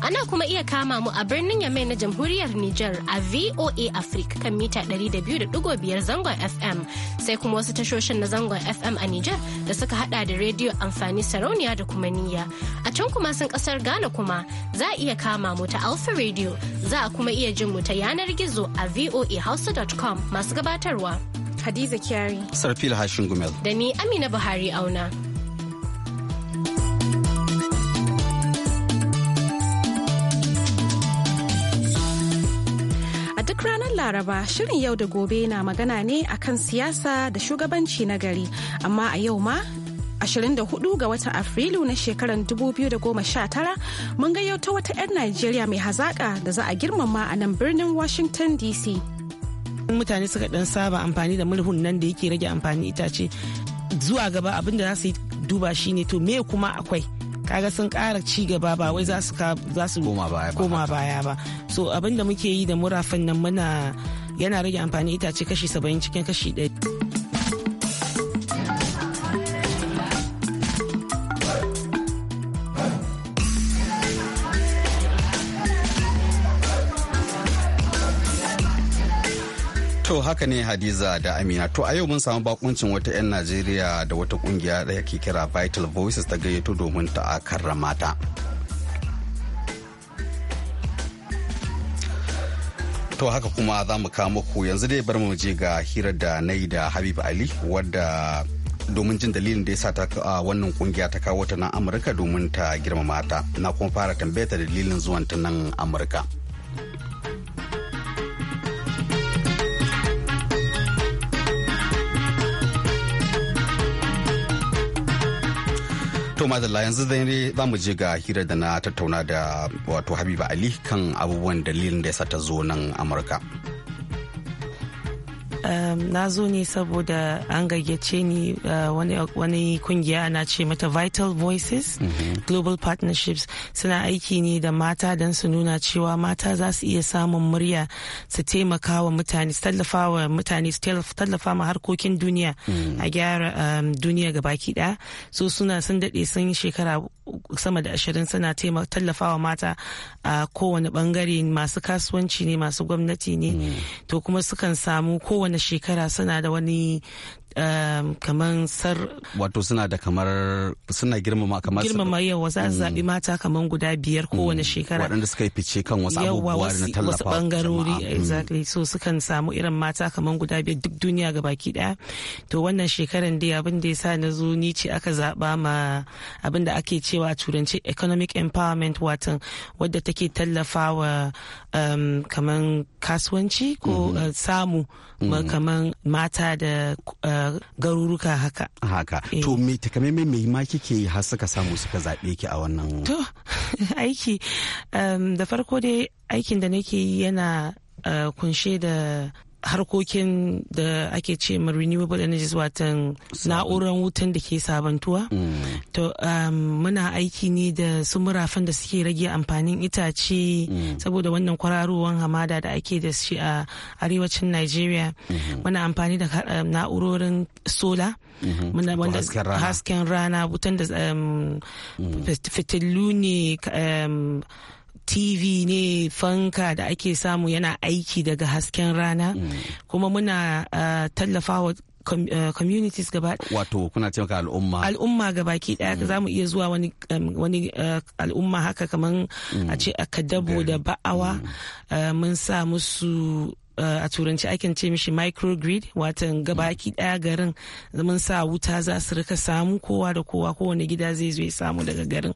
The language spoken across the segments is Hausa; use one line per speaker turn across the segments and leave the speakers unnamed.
Ana kuma iya kama mu a birnin Yamai na Jamhuriyar Nijar a VOA Africa kan mita 200.5 zangon FM sai kuma wasu tashoshin na zangon FM a Nijar da suka hada da rediyo amfani sarauniya da kuma niyya. A can kuma sun kasar Ghana kuma za a iya kama mu ta Alpha Radio za a kuma iya jin mu ta yanar gizo a voahausa.com masu gabatarwa. Hadiza Kyari.
Sarfil Hashin Gumel.
Da ni Amina Buhari Auna.
Laraba shirin yau da gobe na magana ne akan siyasa da shugabanci na gari, amma a yau ma 24 ga watan Afrilu na shekarar 2019 mun ta wata 'yar Najeriya mai hazaƙa da za a girmama a nan birnin Washington DC.
Mutane suka ɗan saba amfani da murhun nan da yake rage amfani itace zuwa gaba abin da za su yi duba shine to me kuma akwai. kaga sun ƙara ci gaba ba wai za su koma baya ba so abin da muke yi da murafin nan muna yana rage amfani itace kashi 70 cikin kashi 100
To haka ne Hadiza da Amina. To a yau mun samu bakuncin wata 'yan Najeriya da wata kungiya da ke kira Vital Voices ta gayyato domin ta karrama ta. To haka kuma za mu kawo ku yanzu dai bar mu je ga hirar da na yi da Habib Ali wadda domin jin dalilin da ya sa wannan kungiya ta kawo ta nan Amurka domin ta girmama ta. Na kuma fara tambayar ta dalilin zuwan ta nan Amurka. To madalla yanzu zai ne za mu je ga hirar da na tattauna da wato Habiba Ali kan abubuwan dalilin da ya sa ta zo nan Amurka.
na zo ne saboda an gayyace ni eh, wani kungiya ana ce mata vital voices mhm. global partnerships suna aiki ne da mata don su nuna cewa mata za su iya samun murya su taimaka wa mutane su tallafa wa mutane su tallafa ma harkokin duniya mhm. a gyara duniya baki ɗaya so suna sun daɗe sun shekara sama da ashirin suna tallafawa mata a kowane bangare masu kasuwanci ne masu gwamnati ne mm. to kuma sukan samu kowane shekara suna da wani Um, kamar sar wato suna da
kamar suna girmama kamar girmama yawa za su mm. zaɓi
mata kamar guda biyar mm. kowane shekara
waɗanda suka yi fice kan wasu abubuwa na tallafa wasu bangarori
mm. exactly so sukan samu irin mata kamar guda biyar duk duniya ga baki ɗaya to wannan shekaran dai abin da yasa na zo ni ce aka zaɓa ma abin da ake cewa turanci economic empowerment watan wadda take tallafawa um, kamar kasuwanci ko mm-hmm. uh, samu mm -hmm. kamar mata da uh, garuruka haka
haka eh. to me takamaimai me ma kike yi har suka samu suka zaɓe ki a wannan
to aiki um, da farko dai aikin da nake yi yana uh, kunshe da harkokin da ake ce ma renewable energies watan na'urar wutan da ke sabantuwa mm. to um, muna aiki ne da su murafan da suke rage amfanin itace mm. saboda wannan kwararowar hamada da ake da shi a arewacin nigeria mm-hmm. muna amfani da um, na'urorin sola mm-hmm. muna wanda hasken rana wutan da um, mm. fitilu ne tv ne fanka da ake samu yana aiki daga hasken rana kuma muna uh, tallafawa eh, communities gaba
wato kuna taimaka al'umma
al'umma gabaki daya mm. za iya zuwa wani wani eh, al'umma haka kaman mm. a ce a kadabo da ba'awa mm. mun sa musu a turanci akan ce mishi microgrid watan gabaki daya garin zaman sa wuta za su rika samu kowa da kowa kowane gida zai zo ya samu daga garin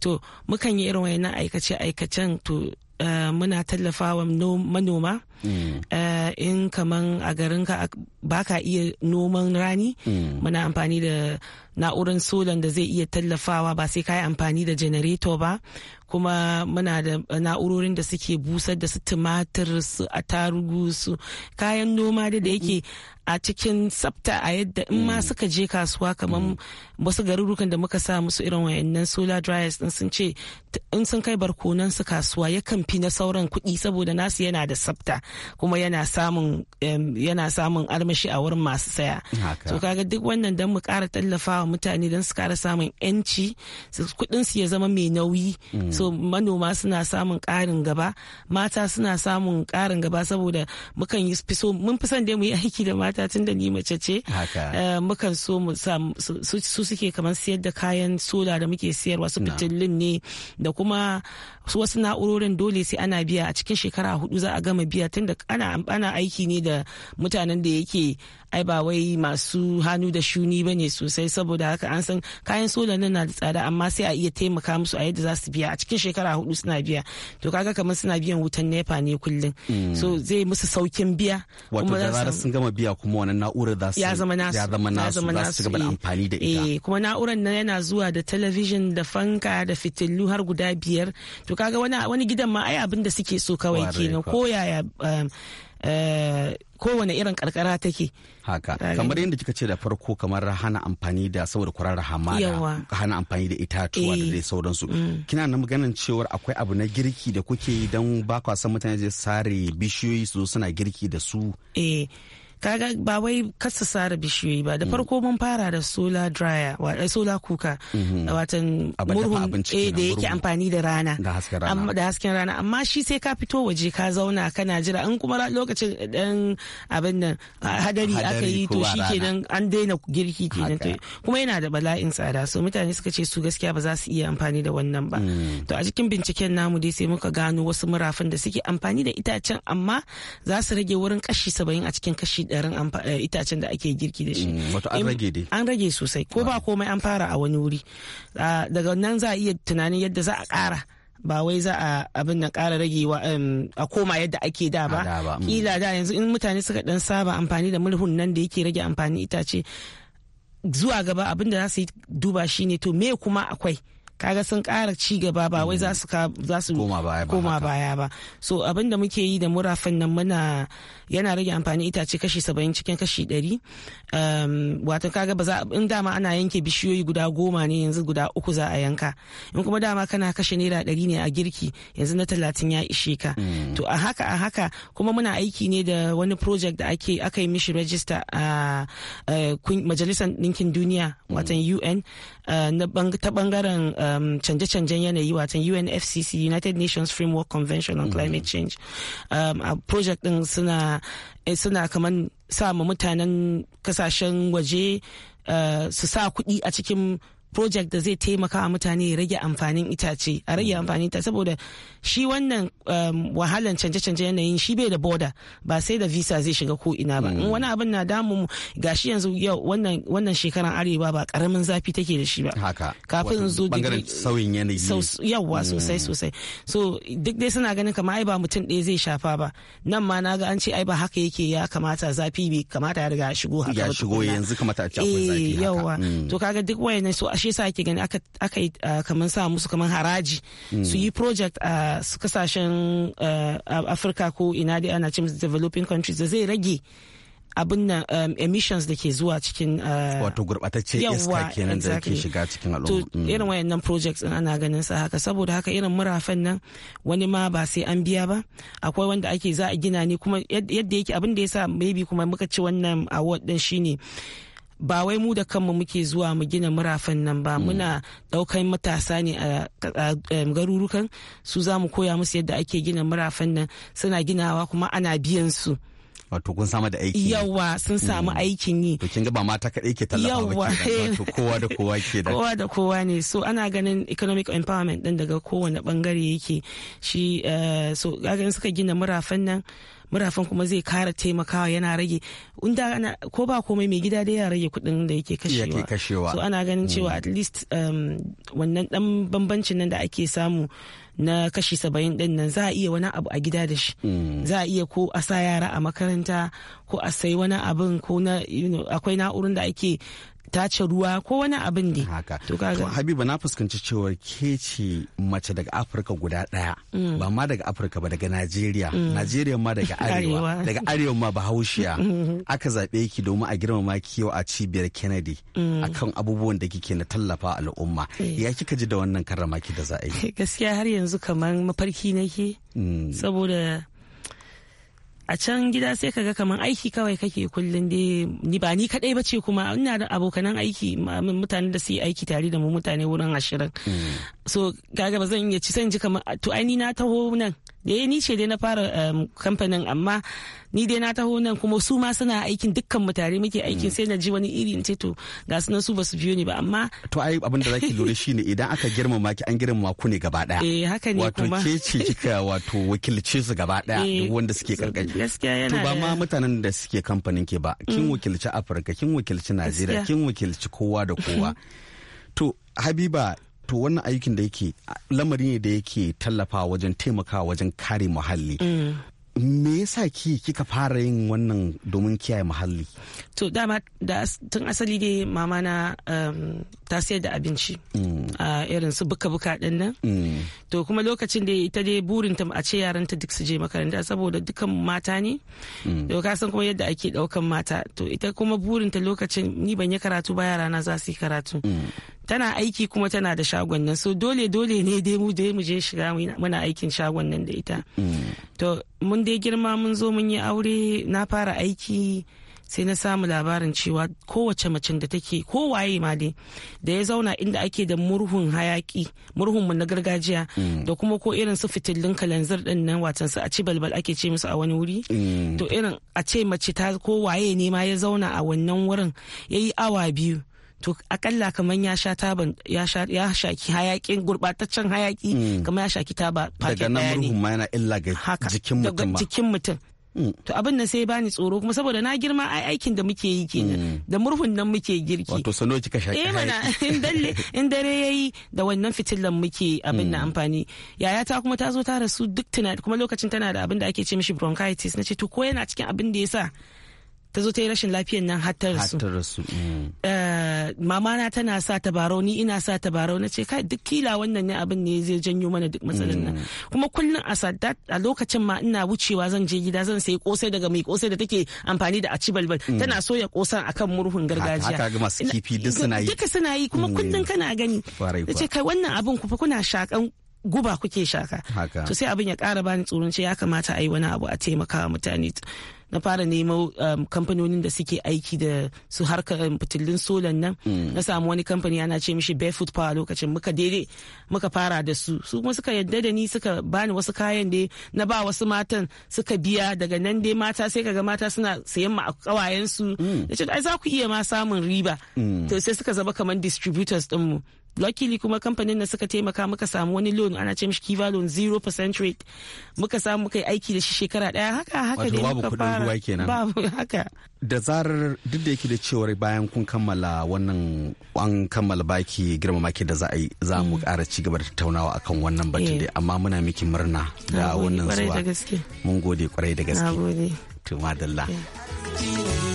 to mukan yi irin wayannan aikace aikacen to Uh, muna tallafawa manoma mm. eh, in kaman a garinka baka iya noman rani mm. muna amfani da na'urar solan da zai iya tallafawa ba sai ka yi amfani da janareto ba kuma muna da na'urorin da suke busar da su tumatir su atarugu su kayan noma da yake a cikin sabta a yadda in ma mm. suka je kasuwa kamar mm. wasu garurukan da muka sa musu irin wayannan solar dryers din sun ce in sun kai barkonan su kasuwa yakan fi na sauran kuɗi saboda nasu yana da sabta kuma yana samun yana samun armashi a wurin masu saya to kaga duk wannan dan mu ƙara tallafawa mutane don su ƙara samun yanci kuɗin su ya zama mai nauyi mm. so manoma suna samun ƙarin gaba mata suna samun ƙarin gaba saboda mukan yi fi so mun fi son dai mu yi aiki da mata tun da ni mace ce eh, mukan so su suke kamar siyar da kayan sola da muke siyarwa su fitilun ne da kuma wasu na'urorin dole sai ana biya a cikin shekara hudu za a gama biya tun da ana aiki ne da mutanen da yake ai ba wai masu hannu da shuni ba ne sosai saboda haka an san kayan sola nan na da tsada amma sai a iya taimaka musu a yadda za su biya a cikin cikin shekara hudu suna biya to kaga kamar suna biyan wutan nepa ne kullum mm. so zai musu saukin biya wato da zarar sun
gama biya kuma wannan na'urar za su ya zama nasu ya zama nasu za su gaba da eh. amfani da ita
eh, kuma na'urar nan yana zuwa da television da fanka da fitilu har guda biyar to kaga wani gidan ma ai abin da suke so kawai kenan ko yaya um, Eh, kowane irin karkara take
haka kamar yadda kika ce da farko kamar hana amfani da saboda kwararra hamada hana amfani da itatuwa da eh. dai sauransu mm. kina na maganin cewar akwai abu na girki da kuke yi don ba kwa san mutane sare bishiyoyi su suna girki da su eh kaga ba wai kasa sara bishiyoyi ba da mm.
farko mun fara da solar dryer eh, solar kuka mm-hmm. watan murhun eh, da yake amfani da rana da hasken rana amma shi sai ka fito waje ka zauna kana jira an kuma lokacin eh, dan abin nan hadari aka yi to shi kenan an daina girki kenan kuma yana da bala'in tsada so mutane suka ce su gaskiya ba za su iya amfani da wannan ba mm. to a cikin binciken namu dai sai muka gano wasu murafin da suke amfani da itacen amma za su rage wurin kashi 70 a cikin kashi ɗarin eh, itacen da ake girki da shi. Mm, wato an rage dai. An rage sosai ko ba komai an fara a wani wuri. Ah, daga nan za a iya tunanin yadda za a ƙara. ba wai za a abin na ƙara ragewa a koma yadda ake da ba mm. kila da yanzu in mutane suka ɗan saba amfani da murhun nan da yake rage amfani itace zuwa gaba abin da za su yi duba shine to me kuma akwai kaga sun kara ci gaba ba wai za mm. su koma baya ba so abin da muke yi da murafin nan muna yana rage amfani itace kashi saba'in cikin kashi ɗari um, wato kaga ba za in dama ana yanke bishiyoyi guda goma ne yanzu guda uku za a yanka in kuma dama kana kashe naira ɗari ne a girki yanzu na talatin ya ishe ka mm. to a haka a haka kuma muna aiki ne da wani project da ake aka yi mishi register a majalisar ɗinkin duniya watan mm. un Eh, ta bangaren canje-canjen yanayi watan UNFCC United Nations Framework Convention on Climate mm-hmm. Change a project din suna eh, kamar sa mutanen kasashen waje eh, su sa kuɗi a cikin project da zai taimaka mutane ya rage amfanin itace a rage mm. amfanin itace saboda shi wannan um, wahalan canje-canje yanayin shi bai da border ba sai da visa zai shiga ko ina ba in mm. wani abin na damu gashi yanzu yau wannan shekaran arewa ba karamin zafi take da shi ba kafin zo bangaren
sauyin yanayi yawa sosai mm.
sosai so duk dai suna ganin kamar ai ba mutum ɗaya zai shafa ba nan ma na ga an ce ai ba haka yake ya kamata zafi bai kamata ya riga shigo haka ya shigo yanzu
kamata a ce akwai zafi eh, haka yawa
to kaga duk wayannan so a shi yasa ake gani aka yi ah, kamar sa musu kamar haraji hmm. su yi project a ah, kasashen ah, afirka ko ina dai ana cikin developing countries da zai rage abin nan um, emissions da ke zuwa cikin wato
gurbatacce iska kenan da ke shiga cikin al'umma hmm.
irin wayannan projects din ana ganin sa haka saboda haka irin murafan nan wani ma ba sai an biya ba akwai wanda ake za a gina ne kuma yadda yake abin da ya sa maybe kuma muka ci wannan award din shine ba wai mu da kanmu muke zuwa mu gina murafan nan ba mm. muna daukan matasa ne a garurukan su za mu koya musu yadda ake gina murafan nan suna ginawa kuma ana biyan su wato kun samu da aiki yawa sun samu mm.
aikin yi to kin ga ba mata kadai ke tallafa ba eh. wato kowa da kowa ke da kowa da
kowa ne so ana ganin economic empowerment din daga kowane bangare yake shi eh, so kaga suka gina murafan nan murafan kuma zai kara taimakawa yana rage inda ko ba komai mai gida dai ya rage kuɗin da yake kashewa so ana ganin cewa hmm. at least um, wannan dan bambancin nan da ake samu na kashi saba'in din nan za a iya wani abu a gida da shi hmm. za a iya ko a sa yara a makaranta ko a sai wani abin ko na akwai na'urin da ake tace ruwa ko wani abin ne.
Haka. To Habiba na fuskanci cewa ke ce mace daga Afirka guda ɗaya. Mm. Ba ma daga Afirka ba daga Najeriya. Mm. Najeriya ma daga Arewa. Daga Arewa ma Bahaushiya. Mm-hmm. Aka zaɓe ki domin a girmama ki yau a cibiyar Kennedy. Mm. Akan abubuwan da kike na tallafa al'umma. Eh. Ya kika ji da wannan karrama ki da za yi.
Gaskiya har yanzu kamar mafarki nake. Saboda a can gida sai kaga kamar aiki kawai kake kullum dai ni ba ni kadai bace kuma ina da abokanan aiki mutanen da su yi aiki tare da mu mutane wurin ashirin hmm. so kaga ba zan iya ci san ji kamar to ai ni na taho nan da eh, ya ni ce dai na fara kamfanin amma ni dai na taho nan kuma su ma suna aikin dukkan mutane muke aikin mm. sai na ji wani iri in ce to ga su su basu biyo ni ba amma
to ai abin da zaki lura shine idan aka girmama ki an girmama ku ne gaba daya eh haka ne kuma wato ke ce kika wato wakilce su gaba daya eh, duk wanda suke karkashi gaskiya yana to ba ma mutanen da suke kamfanin ke ba mm. kin wakilci Afirka kin wakilci Najeriya kin wakilci kowa da kowa to Habiba to wannan aikin da yake lamari ne da yake tallafa wajen taimaka wajen kare muhalli me yasa ki kika fara yin wannan domin kiyaye muhalli
to dama da tun asali dai mama na um, ta sayar da abinci mm. a irin su buka-buka din nan mm. to kuma lokacin da ita dai burinta a ce yaran ta duk su je makaranta saboda dukan mata ne mm. to ka san kuma yadda ake daukan mata to ita kuma burinta lokacin ni ban yi karatu ba yara na za su yi karatu tana aiki kuma tana da shagon nan so dole dole ne dai mu dai mu je shiga muna aikin shagon nan da ita to mun dai girma mun zo mun yi aure na fara aiki sai na samu labarin cewa kowace macen da take kowaye ma dai da ya zauna inda ake da murhun hayaki murhunmu na gargajiya mm. da kuma ko irin su fitilun kalanzir din nan watan su a ci balbal ake ce musu a wani wuri mm. to irin a ce mace ta kowaye ne ma ya zauna a wannan wurin yayi awa biyu to akalla kamar ya sha taban ya sha ya shaki hayakin gurbataccen hayaki mm. kamar ya shaki taba daga nan murhun
ma yana illa ga jikin mutum ba
jikin mutum to abin nan sai bani tsoro kuma saboda na girma ai aikin da muke yi kenan mm. da murhun nan muke girki
wato sano kika shaki eh mana in dalle
in dare yayi da wannan fitilan muke abin na mm. amfani yaya ta kuma ta zo ta rasu duk tunani kuma lokacin tana da abin da ake ce mishi bronchitis nace to ko yana cikin abin da yasa ta zo ta yi rashin lafiyan nan har ta rasu. Mm. Eh, Mama na tana sa tabarau ni ina sa tabarau na ce kai duk kila wannan ne abin ne zai janyo mana duk matsalar nan. Mm. Kuma kullum a a lokacin ma ina wucewa zan je gida zan sayi kosai daga mai kosai da take amfani da aci balbal mm. tana soya kosan akan murhun gargajiya. Haka ga masu kifi duk suna yi. Duka suna yi kuma kullum kana gani. Ta ce kai wannan abin kuma kuna shakan guba kuke shaka. To sai abin ya kara bani tsoron ce ya kamata a yi wani abu a taimaka mutane. na fara nemo um, kamfanonin da suke aiki da su harkar um, fitilin solar nan mm. na samu wani kamfani ana ce mishi barefoot power lokacin muka daidai muka fara da su su kuma suka yadda da ni suka bani wasu kayan da na ba wasu matan suka biya daga nan dai mata sai kaga mata suna sayan ma kawayen su da mm. ce ai za ku iya ma samun riba mm. to sai suka zama kamar distributors din mu luckily kuma kamfanin na suka taimaka muka samu wani loan ana ce mishi kiva loan zero percent rate muka samu muka yi aiki da shi shekara daya haka haka ne muka fara ruwa kenan babu haka
da zarar duk da yake da cewar bayan kun kammala wannan an kammala baki girmama ki da za a yi za mu mm. ƙara ci gaba da tattaunawa akan wannan batun eh. dai amma muna miki murna da wannan zuwa mun gode kwarai da gaske to madalla eh.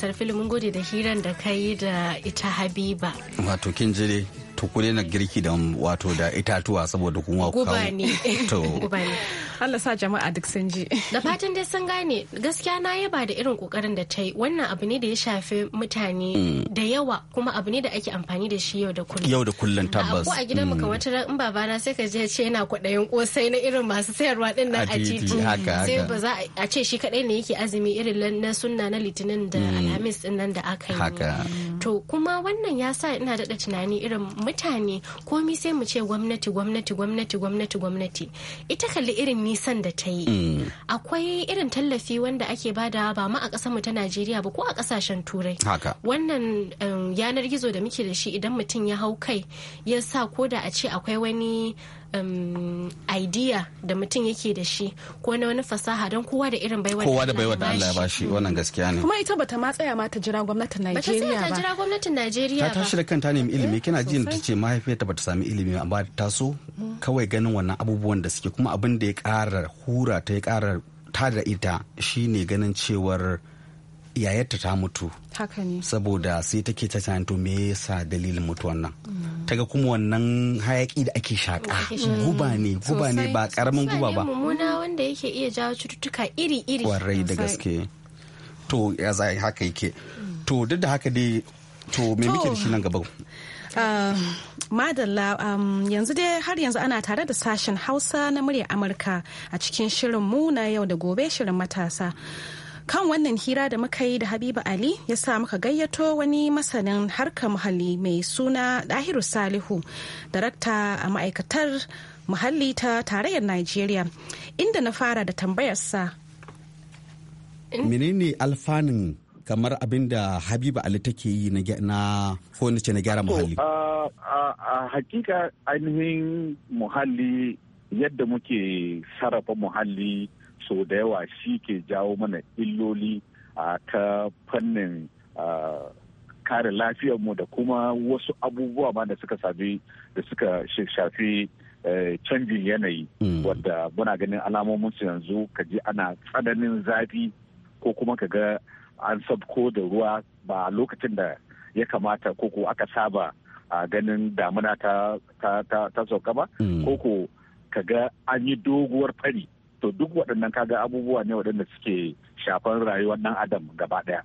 sarfili mun gode da hiran da ka yi da ita habiba
wato kin jire tukune na girki da wato da itatuwa saboda kuma guba ne to guba
ne Allah sa jama'a duk sun ji. Da fatan dai sun gane gaskiya na yaba da irin kokarin da ta yi wannan abu ne da ya shafi mutane mm. da yawa kuma abu ne da ake amfani da shi yau da kullum.
Yau da kullum tabbas. Ko a gidan mu mm. kamar
wata in babana sai ka je ce yana kudayen kosai na irin masu sayarwa din nan a titi. Sai ba za a ce shi kaɗai ne yake azumi irin na sunna na litinin da mm. alhamis din nan da aka yi. Haka. To kuma wannan ya sa ina daɗa tunani irin mutane komi sai mu ce gwamnati gwamnati gwamnati gwamnati gwamnati ita kalli irin nisan da ta yi mm. akwai irin tallafi wanda ake bada ba ma a ƙasar mu ta Najeriya ba ko a ƙasashen turai wannan um, yanar gizo da muke da shi idan mutum ya hau kai ya sa ko da a ce akwai wani um, idea da mutum yake da shi ko na wani fasaha don kowa da irin
baiwa kowa da baiwa da Allah ya
shi wannan gaskiya ne
kuma ita bata ma tsaya ma ta jira gwamnatin Najeriya ba ta jira gwamnatin Najeriya ba ta tashi
da kanta ne ilimi eh, kina jin da ce mahaifiyarta bata sami ilimi amma ta so kawai ganin wannan abubuwan da suke kuma abin da ya karar hura ta ya ta tada ita shine ganin cewar yayarta ta mutu haka saboda sai take ta to me yasa dalilin mutuwan nan taga kuma wannan hayaki da ake shaka guba ne guba ne ba karamin guba ba mummuna
wanda yake iya jawo cututtuka iri-iri
kwarai da gaske to ya zai haka yake to duk da haka dai to me muke shi nan gaba
um, madalla um, yanzu dai har yanzu ana tare da sashen hausa na murya amurka a cikin shirin mu na yau da gobe shirin matasa kan wannan hira da muka yi da habiba ali ya sa muka gayyato wani masanin harkar muhalli mai suna dahiru salihu darakta a ma'aikatar muhalli ta tarayyar najeriya inda na fara da tambayarsa
menene alfanun kamar abin da habiba ali take yi na ko na na gyara muhalli
a hakika ainihin muhalli yadda muke sarrafa muhalli so da yawa shi ke jawo mana illoli a ta fannin kare lafiyarmu da kuma wasu abubuwa ma da suka sabi da suka shafi e, canjin yanayi hmm. wadda muna ganin alamominsu yanzu ka ji ana tsananin zafi ko kuma ka ga an sabko da ruwa ba a lokacin da ya kamata ko ko aka saba a ganin damuna ta sauka ba hmm. ko ko ka ga an yi doguwar fari to duk waɗannan kaga abubuwa ne waɗanda suke shafan rayuwar ɗan adam gaba ɗaya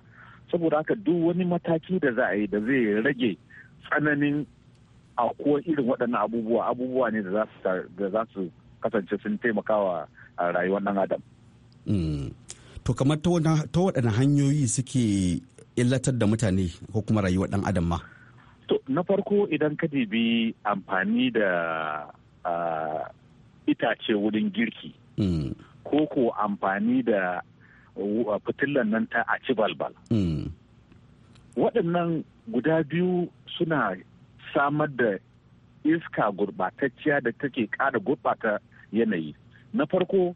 saboda haka duk wani mataki da za a yi da zai rage tsananin aukuwar irin waɗannan abubuwa abubuwa ne da za su kasance sun taimakawa a rayuwar ɗan adam
mm. to kamar ta waɗanne hanyoyi suke illatar da mutane ko kuma rayuwar ɗan adam ma
to na farko idan ka dibi amfani da itace wurin girki ko ko amfani da uh, fitilan nan ta a ci balbal waɗannan guda biyu suna samar da iska gurɓatacciya da take ƙara gurɓata yanayi na farko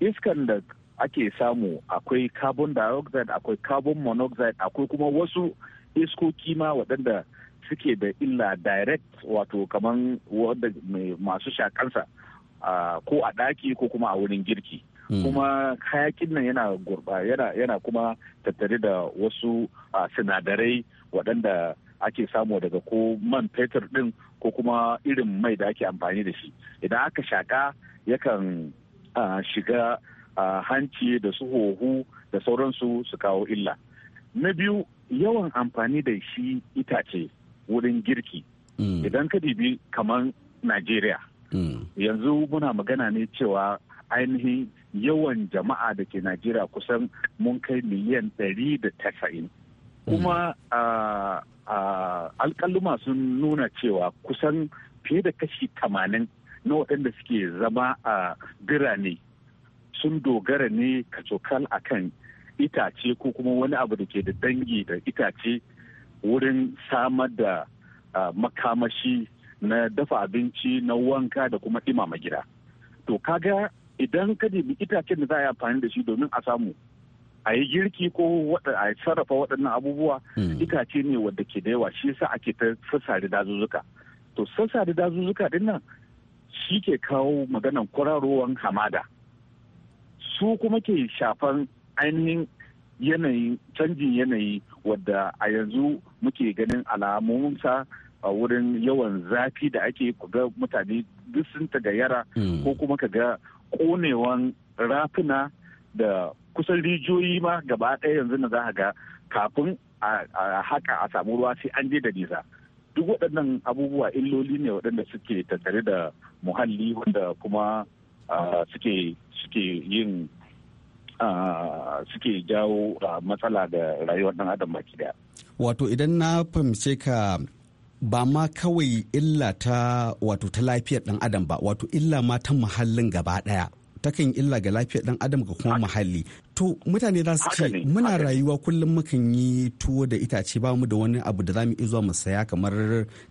iskan da ake samu akwai carbon dioxide akwai carbon monoxide akwai kuma wasu iskoki ma waɗanda suke da illa direct wato kamar wadda masu shakansa ko a ɗaki ko kuma a wurin girki hmm. kuma kayakin nan yana gurba yana kuma tattare da wasu sinadarai waɗanda ake samu daga ko man fetur ɗin ko kuma irin mai da ake amfani da shi idan aka shaka yakan shiga hanci da su huhu da sauransu su kawo illa na biyu yawan amfani da shi itace wurin girki hmm. idan ka dibi kamar najeriya yanzu muna magana ne cewa ainihin yawan jama'a da ke najeriya kusan mun kai miliyan ɗari da tasa'in kuma alkaluma sun nuna cewa kusan fiye da kashi tamanin na waɗanda suke zama a birane sun dogara ne kacokal a kan itace ko kuma wani abu da ke da dangi da itace wurin samar da makamashi na dafa abinci na wanka da kuma ɗimama gida to kaga idan ka nemi itacen da za a yi amfani da shi domin a samu a yi girki ko a sarrafa waɗannan abubuwa hmm. itace ne wadda ke da yawa shi yasa ake ta sassare dazuzzuka to sassare dazuzzuka din nan shi ke kawo maganan kwararowar hamada su kuma ke shafan ainihin yanayin canjin yanayi wadda a yanzu muke ganin alamunsa a wurin yawan zafi da ake ku ga mutane duk sun yara. Hmm. ko kuma ka ga konewan rafuna da kusan rijiyoyi ma gaba ɗaya yanzu na za ga kafin a haka a samu ruwa sai an je da nisa duk waɗannan abubuwa illoli ne waɗanda suke tattare da muhalli wanda kuma suke suke yin suke jawo matsala da rayuwar ɗan adam baki daya
wato idan na fahimce ka ba ma kawai illa ta wato ta lafiyar dan adam ba wato illa ma ta muhallin gaba daya takan illa ga lafiyar dan adam ga kuma muhalli to mutane za su ce muna rayuwa kullum mukan yi tuwo da itace ba mu da wani abu da za mu zuwa mu saya kamar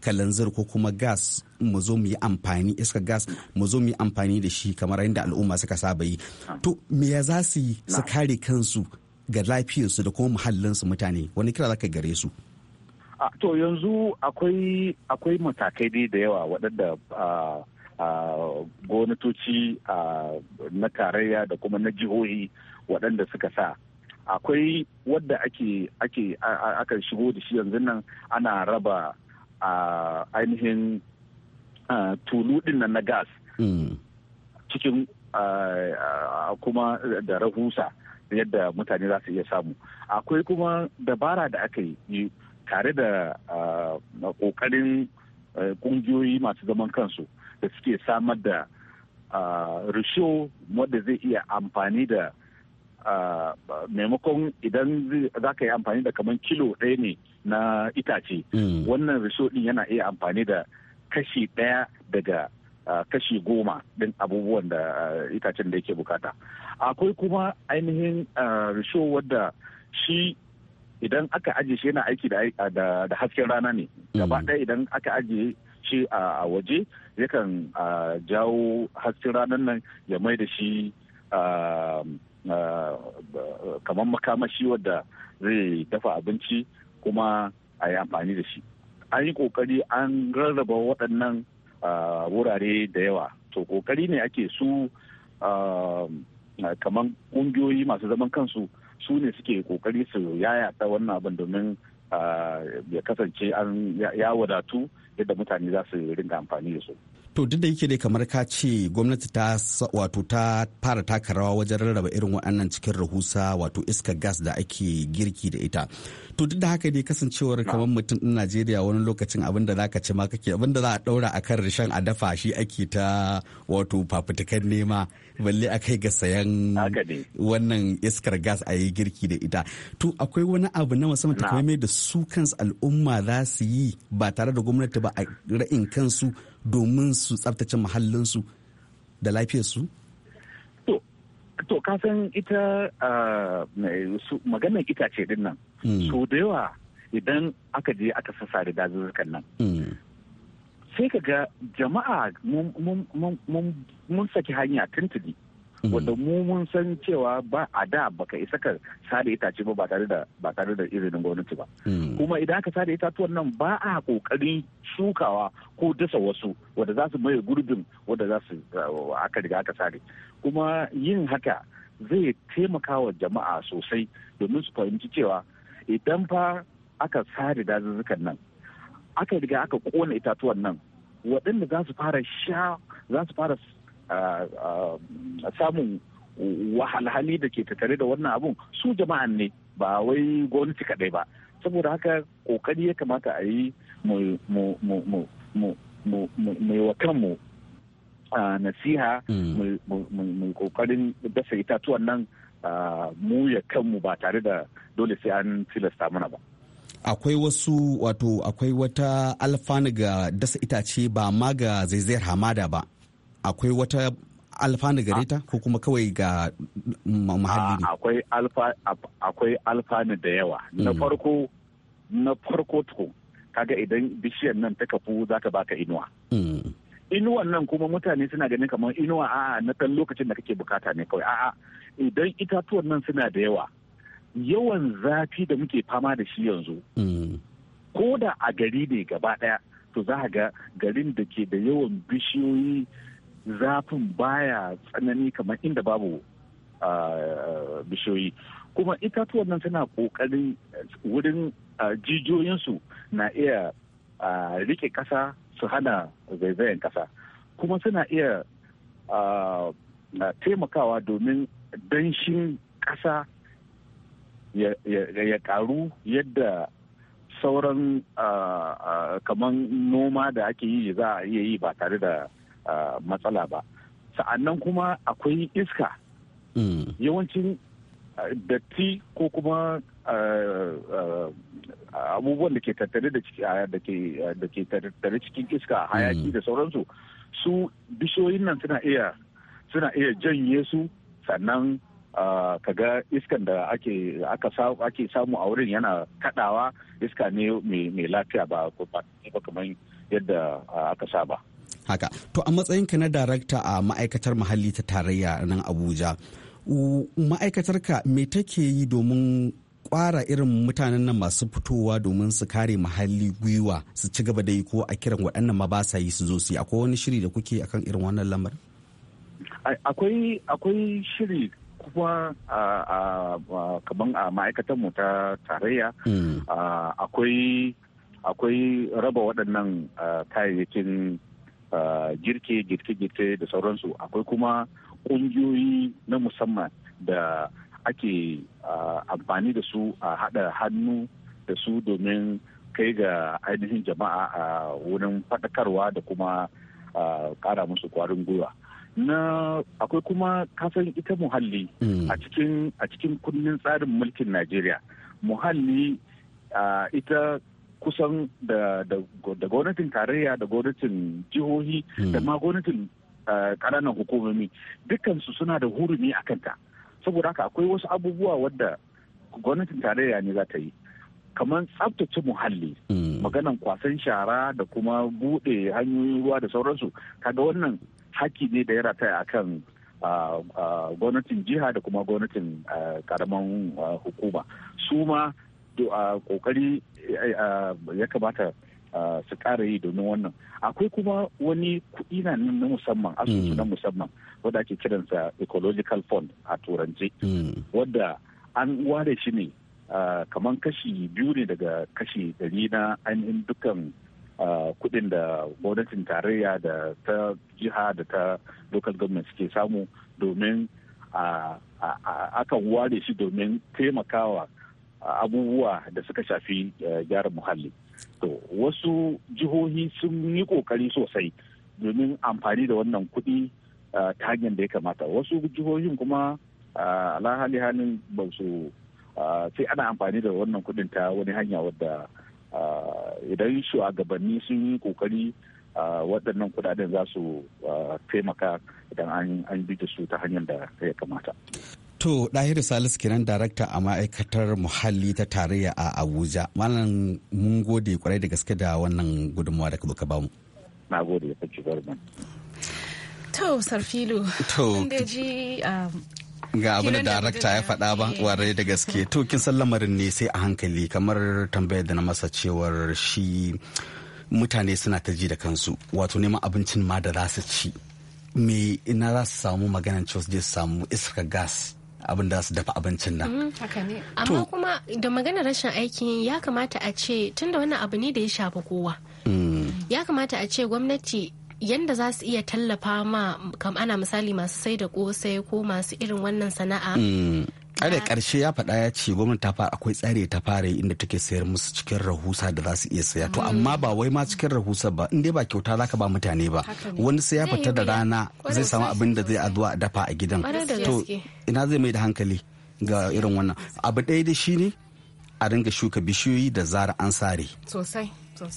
kalanzir ko kuma gas mu zo mu yi amfani iska gas mu zo mu yi amfani da shi kamar yadda al'umma suka saba yi ah. to me ya za su yi su kare kansu ga lafiyarsu da kuma muhallinsu mutane wani kira za ka gare su
to yanzu akwai akwai matakai dai da yawa waɗanda gwamnatoci na tarayya da kuma na jihohi waɗanda suka sa akwai wadda ake ake aka shigo da shi yanzu nan ana raba ainihin tulu ɗin na gas hmm. cikin kuma da rahusa yadda mutane za su iya samu akwai kuma dabara da aka yi tare da kokarin kungiyoyi masu zaman kansu da suke samar da risho wanda zai iya amfani da maimakon idan za ka yi amfani da kamar kilo ɗaya ne na itace hmm. wannan risho ɗin yana iya amfani da kashi ɗaya daga kashi goma ɗin abubuwan da itacen da yake bukata akwai kuma ainihin risho wadda shi idan aka ajiye shi yana aiki da hasken rana ne gaba mm. ɗaya idan aka ajiye shi a waje yakan jawo hasken ranar nan ya mai da shi kamar makamashi wadda zai dafa abinci kuma a yi amfani da shi an yi kokari an rarraba waɗannan wurare da yawa to kokari ne ake su kamar ƙungiyoyi masu zaman kansu su ne suke kokari su ta wannan abin domin ah, ya kasance an ya wadatu yadda mutane za su ringa amfani da su
to duk da yake dai kamar ka ce gwamnati ta wato ta fara taka rawa wajen rarraba irin waɗannan cikin rahusa wato iska gas da ake girki da ita to duk da haka dai kasancewar kamar mutum ɗin najeriya wani lokacin abin da zaka ci ma kake abin da za a ɗaura a kan rishan a dafa shi ake ta wato fafutukan nema balle a kai ga sayan wannan iskar gas a yi girki da ita to akwai wani abu na musamman mai da su kansu al'umma za su yi ba tare da gwamnati ba a ra'in kansu domin su tsabtace muhallinsu da lafiyarsu?
To, kasan ita maganar itace din nan, hmm. so da yawa idan aka je aka sassa da dazuzzukan nan. Hmm. Sai ka ga jama'a mun saki hanya tuntuni. Mm. wanda mu mun san cewa ba a da baka isa ka sada itace ba ba tare da izinin gwamnati ba mm. kuma idan aka sada itatuwan nan ba a kokarin shukawa ko dasa wasu wanda za su maye gurbin wanda za su uh, aka riga aka sare kuma yin haka zai taimaka wa jama'a sosai domin su fahimci cewa idan fa aka sare dazuzzukan nan aka riga aka kona itatuwan nan waɗanda za su fara sha za su fara samun wahalhali da ke tattare da wannan abun su jama'an ne ba wai gwamnati kaɗai ba saboda haka kokari ya kamata a yi mu wa nasiha mai kokarin dasa itatuwan nan mu ya kanmu ba tare da dole sai an tilasta mana ba
akwai wasu wato akwai wata alfanu ga dasa itace ba ma ga zaizayar hamada ba akwai wata alfanu gare ta ko kuma kawai ga muhalli ne
akwai alfa akwai alfanu da yawa na mm. farko na farko tuku kaga idan bishiyar nan ta kafu za ka baka inuwa mm. inuwan nan kuma mutane suna ganin kamar inuwa a na ɗan lokacin da kake bukata ne kawai a'a idan itatuwan nan suna da yawa yawan zafi da muke fama da shi yanzu mm. ko da a gari ne gaba ɗaya to za ga garin da ke da yawan bishiyoyi zafin baya tsanani kamar inda babu bishiyoyi kuma itatuwan nan suna kokarin wurin jijiyoyinsu na iya rike kasa su hana zaizayen kasa kuma suna iya taimakawa domin danshin kasa ya karu yadda sauran kamar noma da ake yi za a iya yi ba tare da matsala ba sa'annan kuma akwai iska hmm. yawancin datti ko kuma abubuwan da ke tattare da ke tattare cikin iska hmm. hayaki da sauransu su bishiyoyin nan suna iya suna iya janye su sannan ga iskan da ake samu a wurin yana kadawa iska ne mai lafiya ba ba kamar yadda aka saba.
haka to a matsayinka na darakta a ma'aikatar muhalli ta tarayya nan abuja ma'aikatarka me take yi domin kwara irin mutanen nan masu fitowa domin su kare muhalli gwiwa su ci gaba da yi ko a kiran waɗannan ma ba sa yi su zo su yi akwai wani shiri da kuke akan irin wannan lamar
akwai akwai shiri kuma kaman a ma'aikatar mu ta tarayya hmm. akwai akwai raba waɗannan kayayyakin girke girke-girke da sauransu akwai kuma ƙungiyoyi na musamman da ake amfani da su a haɗa hannu da su domin kai ga ainihin jama'a a wurin faɗakarwa da kuma ƙara musu ƙwarin gwiwa na akwai kuma kasan ita muhalli hmm. a cikin kundin tsarin mulkin najeriya muhalli ita kusan da gwamnatin tarayya da gwamnatin jihohi da hmm. ma gwamnatin eh, ƙananan hukumomi dukansu suna da hurumi a kanta saboda haka akwai wasu abubuwa wadda gwamnatin tarayya ne za ta yi kamar tsabtace muhalli hmm. maganan kwasan shara da kuma buɗe hanyoyin ruwa da sauransu kaga wannan haki ne da ya rataya akan ah, ah, gwamnatin jiha da kuma gwamnatin karaman eh, ah, hukuma su ma do a kokari ya kamata su ƙara yi domin wannan akwai kuma wani kuɗi na na musamman asusu na mm. musamman wadda ake kiransa ecological fund a turance mm. wadda an ware shi ne kamar kashi biyu ne daga kashi ɗari na ainihin dukkan kuɗin da gwamnatin tarayya da ta jiha da ta local government suke samu domin akan ware shi domin taimakawa abubuwa da suka shafi eh, gyaran muhalli to wasu jihohi sun yi kokari sosai domin amfani da wannan kuɗi eh, ta hanyar da ya kamata wasu jihohin kuma eh, alhali halin ba su sai ana amfani da wannan kuɗin ta wani hanya wadda idan shugabanni sun yi kokari waɗannan kuɗaɗen za su taimaka idan an bi da su ta hanyar da ya kamata
To ɗahiru Salisu kenan darakta a ma'aikatar muhalli ta tarayya a Abuja. Malam mun gode kwarai da gaske da wannan gudunmawa da ka bamu. Na gode da ci garban.
To Sarfilu. To. ji um,
ga abin da darakta ya faɗa ba ware da gaske to kin san lamarin ne sai a hankali kamar tambayar da na masa cewar shi mutane suna ta ji da kansu wato neman abincin ma da za su ci me ina za su samu maganan cewa su je su samu iskar gas abin da su dafa abincin nan.
Mm, Amma kuma da magana rashin aikin ya kamata a ce tunda wannan abu ne da ya shafi kowa. Mm. Ya kamata a ce gwamnati yanda za su iya tallafa ma kam ana misali masu sai da kosai ko masu irin wannan sana'a.
Mm. ai karshe ya faɗa ya ce gwamnati ta fara akwai tsari ta fara inda take sayar musu cikin rahusa da za su iya saya to mm. amma ba wai ma cikin rahusa ba in dai ba kyauta zaka ba mutane ba wani sai ya fita da rana zai samu abin da zai azuwa a dafa a gidan to ina zai mai da hankali ga irin wannan abu ɗaya da shi ne a ringa shuka bishiyoyi da zara an sare sosai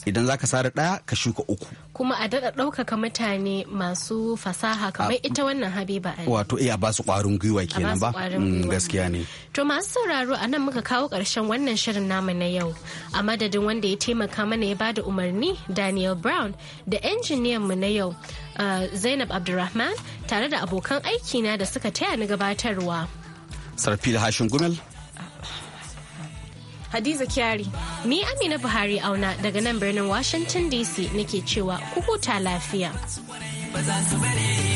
idan za ka sare ɗaya ka shuka uku
kuma a daɗa ɗaukaka mutane masu fasaha kamar ita wannan habiba ali
wato iya eh, ba su ƙwarin gwiwa kenan ba mm, gaskiya ne
to masu sauraro a nan muka kawo ƙarshen wannan shirin namu na yau a madadin wanda ya taimaka mana ya bada umarni daniel brown da injiniyan mu na yau uh, zainab abdulrahman tare da abokan aiki na da suka taya ni gabatarwa
sarfil hashin
gumel Hadiza Kyari, ni Amina Buhari auna daga nan birnin Washington DC nake cewa kukuta lafiya. Ba su bari